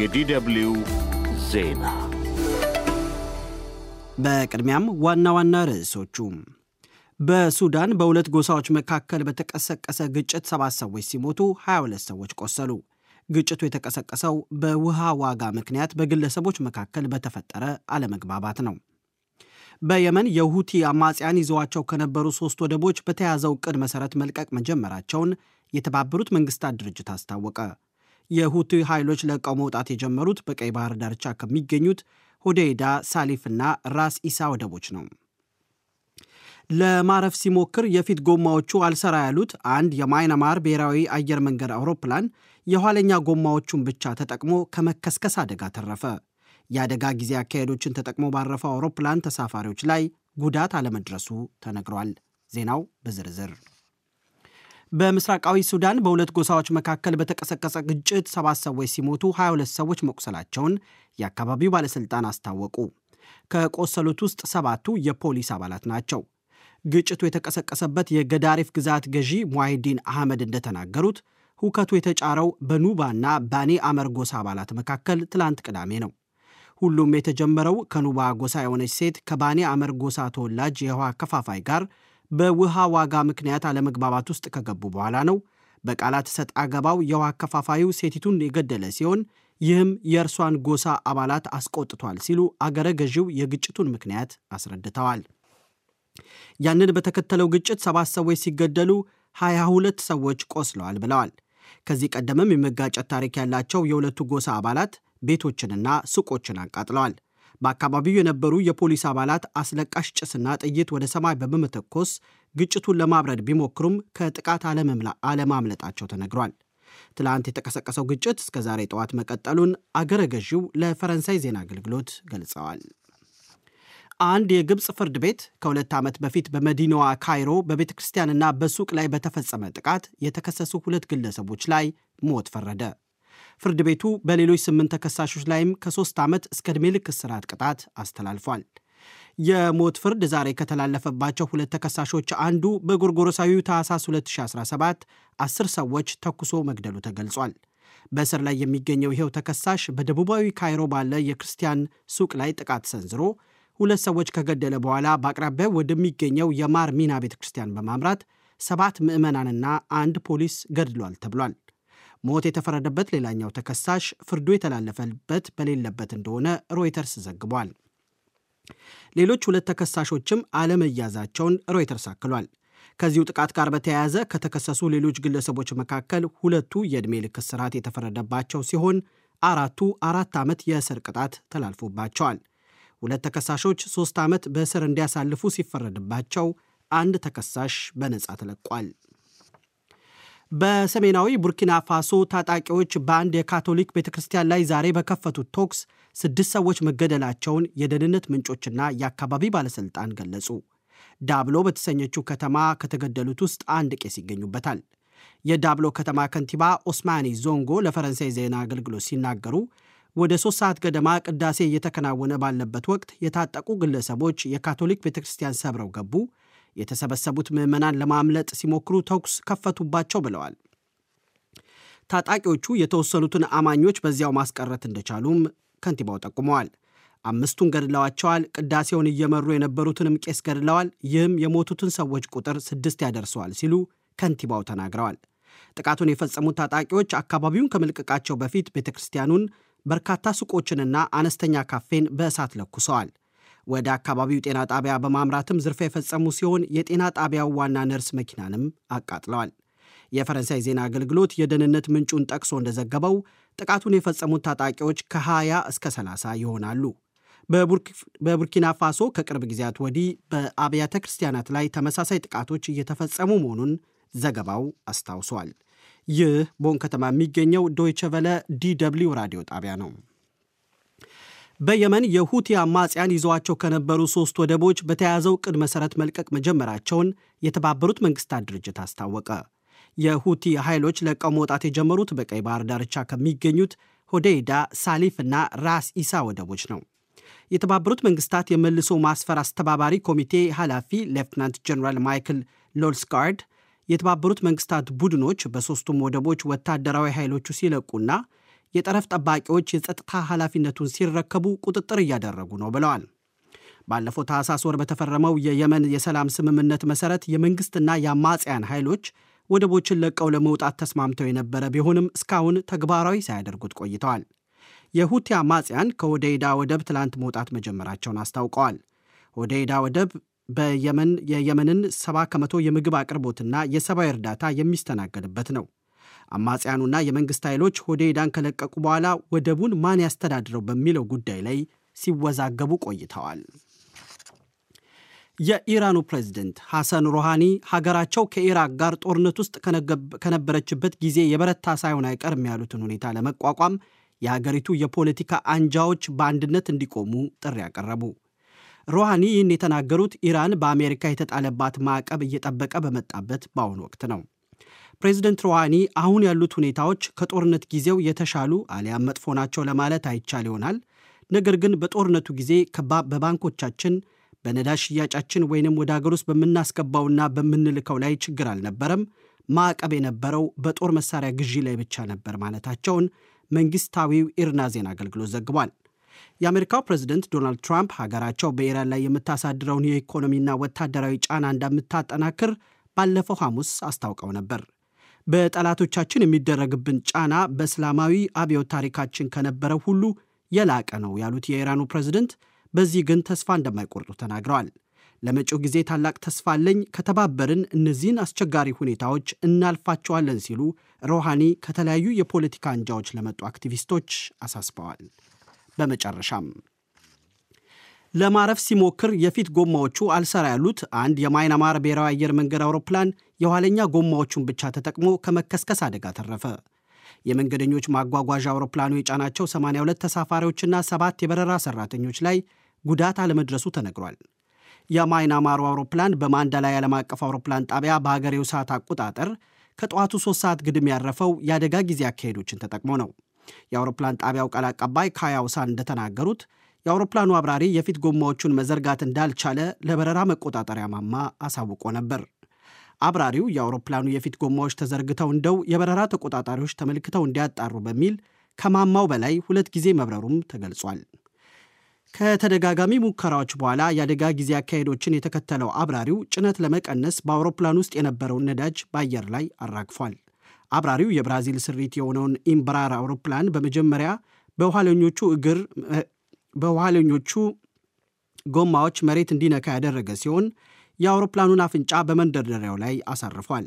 የዲደብሊው ዜና በቅድሚያም ዋና ዋና ርዕሶቹ በሱዳን በሁለት ጎሳዎች መካከል በተቀሰቀሰ ግጭት ሰባት ሰዎች ሲሞቱ 22 ሰዎች ቆሰሉ። ግጭቱ የተቀሰቀሰው በውሃ ዋጋ ምክንያት በግለሰቦች መካከል በተፈጠረ አለመግባባት ነው። በየመን የሁቲ አማጽያን ይዘዋቸው ከነበሩ ሶስት ወደቦች በተያዘው ዕቅድ መሠረት መልቀቅ መጀመራቸውን የተባበሩት መንግሥታት ድርጅት አስታወቀ። የሁቲ ኃይሎች ለቀው መውጣት የጀመሩት በቀይ ባህር ዳርቻ ከሚገኙት ሳሊፍ ሳሊፍና ራስ ኢሳ ወደቦች ነው። ለማረፍ ሲሞክር የፊት ጎማዎቹ አልሰራ ያሉት አንድ የማይናማር ብሔራዊ አየር መንገድ አውሮፕላን የኋለኛ ጎማዎቹን ብቻ ተጠቅሞ ከመከስከስ አደጋ ተረፈ። የአደጋ ጊዜ አካሄዶችን ተጠቅሞ ባረፈው አውሮፕላን ተሳፋሪዎች ላይ ጉዳት አለመድረሱ ተነግሯል። ዜናው በዝርዝር በምስራቃዊ ሱዳን በሁለት ጎሳዎች መካከል በተቀሰቀሰ ግጭት ሰባት ሰዎች ሲሞቱ 22 ሰዎች መቁሰላቸውን የአካባቢው ባለሥልጣን አስታወቁ። ከቆሰሉት ውስጥ ሰባቱ የፖሊስ አባላት ናቸው። ግጭቱ የተቀሰቀሰበት የገዳሪፍ ግዛት ገዢ ሙአይዲን አህመድ እንደተናገሩት ሁከቱ የተጫረው በኑባና ባኔ አመር ጎሳ አባላት መካከል ትላንት ቅዳሜ ነው። ሁሉም የተጀመረው ከኑባ ጎሳ የሆነች ሴት ከባኔ አመር ጎሳ ተወላጅ የውሃ ከፋፋይ ጋር በውሃ ዋጋ ምክንያት አለመግባባት ውስጥ ከገቡ በኋላ ነው። በቃላት ሰጥ አገባው የውሃ አከፋፋዩ ሴቲቱን የገደለ ሲሆን ይህም የእርሷን ጎሳ አባላት አስቆጥቷል ሲሉ አገረ ገዢው የግጭቱን ምክንያት አስረድተዋል። ያንን በተከተለው ግጭት ሰባት ሰዎች ሲገደሉ ሀያ ሁለት ሰዎች ቆስለዋል ብለዋል። ከዚህ ቀደምም የመጋጨት ታሪክ ያላቸው የሁለቱ ጎሳ አባላት ቤቶችንና ሱቆችን አቃጥለዋል። በአካባቢው የነበሩ የፖሊስ አባላት አስለቃሽ ጭስና ጥይት ወደ ሰማይ በመመተኮስ ግጭቱን ለማብረድ ቢሞክሩም ከጥቃት አለማምለጣቸው ተነግሯል። ትላንት የተቀሰቀሰው ግጭት እስከ ዛሬ ጠዋት መቀጠሉን አገረ ገዢው ለፈረንሳይ ዜና አገልግሎት ገልጸዋል። አንድ የግብፅ ፍርድ ቤት ከሁለት ዓመት በፊት በመዲናዋ ካይሮ በቤተ ክርስቲያንና በሱቅ ላይ በተፈጸመ ጥቃት የተከሰሱ ሁለት ግለሰቦች ላይ ሞት ፈረደ። ፍርድ ቤቱ በሌሎች ስምንት ተከሳሾች ላይም ከሶስት ዓመት እስከ ዕድሜ ልክ እስራት ቅጣት አስተላልፏል። የሞት ፍርድ ዛሬ ከተላለፈባቸው ሁለት ተከሳሾች አንዱ በጎርጎሮሳዊው ታህሳስ 2017 አስር ሰዎች ተኩሶ መግደሉ ተገልጿል። በእስር ላይ የሚገኘው ይኸው ተከሳሽ በደቡባዊ ካይሮ ባለ የክርስቲያን ሱቅ ላይ ጥቃት ሰንዝሮ ሁለት ሰዎች ከገደለ በኋላ በአቅራቢያው ወደሚገኘው የማር ሚና ቤተ ክርስቲያን በማምራት ሰባት ምዕመናንና አንድ ፖሊስ ገድሏል ተብሏል። ሞት የተፈረደበት ሌላኛው ተከሳሽ ፍርዱ የተላለፈበት በሌለበት እንደሆነ ሮይተርስ ዘግቧል። ሌሎች ሁለት ተከሳሾችም አለመያዛቸውን ሮይተርስ አክሏል። ከዚሁ ጥቃት ጋር በተያያዘ ከተከሰሱ ሌሎች ግለሰቦች መካከል ሁለቱ የዕድሜ ልክ እስራት የተፈረደባቸው ሲሆን አራቱ አራት ዓመት የእስር ቅጣት ተላልፎባቸዋል። ሁለት ተከሳሾች ሦስት ዓመት በእስር እንዲያሳልፉ ሲፈረድባቸው አንድ ተከሳሽ በነጻ ተለቋል። በሰሜናዊ ቡርኪና ፋሶ ታጣቂዎች በአንድ የካቶሊክ ቤተ ክርስቲያን ላይ ዛሬ በከፈቱት ቶክስ ስድስት ሰዎች መገደላቸውን የደህንነት ምንጮችና የአካባቢ ባለሥልጣን ገለጹ። ዳብሎ በተሰኘችው ከተማ ከተገደሉት ውስጥ አንድ ቄስ ይገኙበታል። የዳብሎ ከተማ ከንቲባ ኦስማኒ ዞንጎ ለፈረንሳይ ዜና አገልግሎት ሲናገሩ ወደ ሦስት ሰዓት ገደማ ቅዳሴ እየተከናወነ ባለበት ወቅት የታጠቁ ግለሰቦች የካቶሊክ ቤተ ክርስቲያን ሰብረው ገቡ፣ የተሰበሰቡት ምዕመናን ለማምለጥ ሲሞክሩ ተኩስ ከፈቱባቸው ብለዋል። ታጣቂዎቹ የተወሰኑትን አማኞች በዚያው ማስቀረት እንደቻሉም ከንቲባው ጠቁመዋል። አምስቱን ገድለዋቸዋል። ቅዳሴውን እየመሩ የነበሩትንም ቄስ ገድለዋል። ይህም የሞቱትን ሰዎች ቁጥር ስድስት ያደርሰዋል ሲሉ ከንቲባው ተናግረዋል። ጥቃቱን የፈጸሙት ታጣቂዎች አካባቢውን ከመልቀቃቸው በፊት ቤተ ክርስቲያኑን፣ በርካታ ሱቆችንና አነስተኛ ካፌን በእሳት ለኩሰዋል። ወደ አካባቢው ጤና ጣቢያ በማምራትም ዝርፋ የፈጸሙ ሲሆን የጤና ጣቢያው ዋና ነርስ መኪናንም አቃጥለዋል። የፈረንሳይ ዜና አገልግሎት የደህንነት ምንጩን ጠቅሶ እንደዘገበው ጥቃቱን የፈጸሙት ታጣቂዎች ከ20 እስከ 30 ይሆናሉ። በቡርኪና ፋሶ ከቅርብ ጊዜያት ወዲህ በአብያተ ክርስቲያናት ላይ ተመሳሳይ ጥቃቶች እየተፈጸሙ መሆኑን ዘገባው አስታውሷል። ይህ ቦን ከተማ የሚገኘው ዶይቸ ቨለ ዲ ደብልዩ ራዲዮ ጣቢያ ነው። በየመን የሁቲ አማጽያን ይዘዋቸው ከነበሩ ሦስት ወደቦች በተያዘው ቅድ መሠረት መልቀቅ መጀመራቸውን የተባበሩት መንግሥታት ድርጅት አስታወቀ። የሁቲ ኃይሎች ለቀው መውጣት የጀመሩት በቀይ ባህር ዳርቻ ከሚገኙት ሆዴይዳ፣ ሳሊፍ እና ራስ ኢሳ ወደቦች ነው። የተባበሩት መንግሥታት የመልሶ ማስፈር አስተባባሪ ኮሚቴ ኃላፊ ሌፍትናንት ጀኔራል ማይክል ሎልስጋርድ የተባበሩት መንግሥታት ቡድኖች በሦስቱም ወደቦች ወታደራዊ ኃይሎቹ ሲለቁና የጠረፍ ጠባቂዎች የጸጥታ ኃላፊነቱን ሲረከቡ ቁጥጥር እያደረጉ ነው ብለዋል። ባለፈው ታህሳስ ወር በተፈረመው የየመን የሰላም ስምምነት መሰረት የመንግሥትና የአማጽያን ኃይሎች ወደቦችን ለቀው ለመውጣት ተስማምተው የነበረ ቢሆንም እስካሁን ተግባራዊ ሳያደርጉት ቆይተዋል። የሁቲ አማጽያን ከሆዴይዳ ወደብ ትላንት መውጣት መጀመራቸውን አስታውቀዋል። ሆዴይዳ ወደብ በየመን የየመንን 70 ከመቶ የምግብ አቅርቦትና የሰብአዊ እርዳታ የሚስተናገድበት ነው። አማጽያኑና የመንግሥት ኃይሎች ሆዴዳን ከለቀቁ በኋላ ወደቡን ማን ያስተዳድረው በሚለው ጉዳይ ላይ ሲወዛገቡ ቆይተዋል። የኢራኑ ፕሬዝደንት ሐሰን ሮሃኒ ሀገራቸው ከኢራቅ ጋር ጦርነት ውስጥ ከነበረችበት ጊዜ የበረታ ሳይሆን አይቀርም ያሉትን ሁኔታ ለመቋቋም የሀገሪቱ የፖለቲካ አንጃዎች በአንድነት እንዲቆሙ ጥሪ ያቀረቡ። ሮሃኒ ይህን የተናገሩት ኢራን በአሜሪካ የተጣለባት ማዕቀብ እየጠበቀ በመጣበት በአሁኑ ወቅት ነው። ፕሬዝደንት ሩሃኒ አሁን ያሉት ሁኔታዎች ከጦርነት ጊዜው የተሻሉ አሊያም መጥፎ ናቸው ለማለት አይቻል ይሆናል። ነገር ግን በጦርነቱ ጊዜ በባንኮቻችን በነዳጅ ሽያጫችን ወይንም ወደ አገር ውስጥ በምናስገባውና በምንልከው ላይ ችግር አልነበረም። ማዕቀብ የነበረው በጦር መሳሪያ ግዢ ላይ ብቻ ነበር ማለታቸውን መንግስታዊው ኢርና ዜና አገልግሎት ዘግቧል። የአሜሪካው ፕሬዝደንት ዶናልድ ትራምፕ ሀገራቸው በኢራን ላይ የምታሳድረውን የኢኮኖሚና ወታደራዊ ጫና እንደምታጠናክር ባለፈው ሐሙስ አስታውቀው ነበር። በጠላቶቻችን የሚደረግብን ጫና በእስላማዊ አብዮት ታሪካችን ከነበረው ሁሉ የላቀ ነው ያሉት የኢራኑ ፕሬዝደንት በዚህ ግን ተስፋ እንደማይቆርጡ ተናግረዋል። ለመጪው ጊዜ ታላቅ ተስፋ አለኝ፣ ከተባበርን እነዚህን አስቸጋሪ ሁኔታዎች እናልፋቸዋለን ሲሉ ሮሃኒ ከተለያዩ የፖለቲካ አንጃዎች ለመጡ አክቲቪስቶች አሳስበዋል። በመጨረሻም ለማረፍ ሲሞክር የፊት ጎማዎቹ አልሰራ ያሉት አንድ የማይናማር ብሔራዊ አየር መንገድ አውሮፕላን የኋለኛ ጎማዎቹን ብቻ ተጠቅሞ ከመከስከስ አደጋ ተረፈ። የመንገደኞች ማጓጓዣ አውሮፕላኑ የጫናቸው 82 ተሳፋሪዎችና ሰባት የበረራ ሰራተኞች ላይ ጉዳት አለመድረሱ ተነግሯል። የማይናማሩ አውሮፕላን በማንዳላይ ዓለም አቀፍ አውሮፕላን ጣቢያ በሀገሬው ሰዓት አቆጣጠር ከጠዋቱ ሦስት ሰዓት ግድም ያረፈው የአደጋ ጊዜ አካሄዶችን ተጠቅሞ ነው። የአውሮፕላን ጣቢያው ቃል አቀባይ ካያውሳን እንደተናገሩት የአውሮፕላኑ አብራሪ የፊት ጎማዎቹን መዘርጋት እንዳልቻለ ለበረራ መቆጣጠሪያ ማማ አሳውቆ ነበር። አብራሪው የአውሮፕላኑ የፊት ጎማዎች ተዘርግተው እንደው የበረራ ተቆጣጣሪዎች ተመልክተው እንዲያጣሩ በሚል ከማማው በላይ ሁለት ጊዜ መብረሩም ተገልጿል። ከተደጋጋሚ ሙከራዎች በኋላ የአደጋ ጊዜ አካሄዶችን የተከተለው አብራሪው ጭነት ለመቀነስ በአውሮፕላን ውስጥ የነበረውን ነዳጅ በአየር ላይ አራግፏል። አብራሪው የብራዚል ስሪት የሆነውን ኢምብራር አውሮፕላን በመጀመሪያ በኋለኞቹ እግር በኋለኞቹ ጎማዎች መሬት እንዲነካ ያደረገ ሲሆን የአውሮፕላኑን አፍንጫ በመንደርደሪያው ላይ አሳርፏል።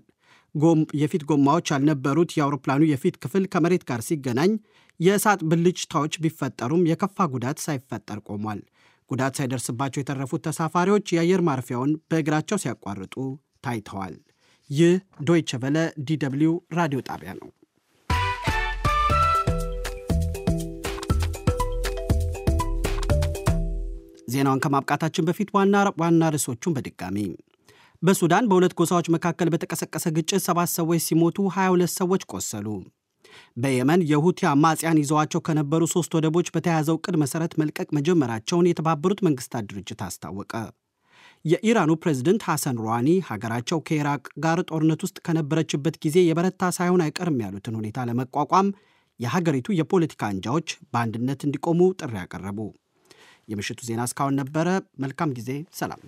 የፊት ጎማዎች ያልነበሩት የአውሮፕላኑ የፊት ክፍል ከመሬት ጋር ሲገናኝ የእሳት ብልጭታዎች ቢፈጠሩም የከፋ ጉዳት ሳይፈጠር ቆሟል። ጉዳት ሳይደርስባቸው የተረፉት ተሳፋሪዎች የአየር ማረፊያውን በእግራቸው ሲያቋርጡ ታይተዋል። ይህ ዶይቸ ቨለ ዲ ደብልዩ ራዲዮ ጣቢያ ነው። ዜናውን ከማብቃታችን በፊት ዋና ዋና ርዕሶቹን በድጋሚ በሱዳን በሁለት ጎሳዎች መካከል በተቀሰቀሰ ግጭት ሰባት ሰዎች ሲሞቱ 22 ሰዎች ቆሰሉ። በየመን የሁቲ አማጽያን ይዘዋቸው ከነበሩ ሦስት ወደቦች በተያያዘው ቅድ መሠረት መልቀቅ መጀመራቸውን የተባበሩት መንግሥታት ድርጅት አስታወቀ። የኢራኑ ፕሬዝደንት ሐሰን ሩሃኒ ሀገራቸው ከኢራቅ ጋር ጦርነት ውስጥ ከነበረችበት ጊዜ የበረታ ሳይሆን አይቀርም ያሉትን ሁኔታ ለመቋቋም የሀገሪቱ የፖለቲካ አንጃዎች በአንድነት እንዲቆሙ ጥሪ አቀረቡ። የምሽቱ ዜና እስካሁን ነበረ። መልካም ጊዜ። ሰላም።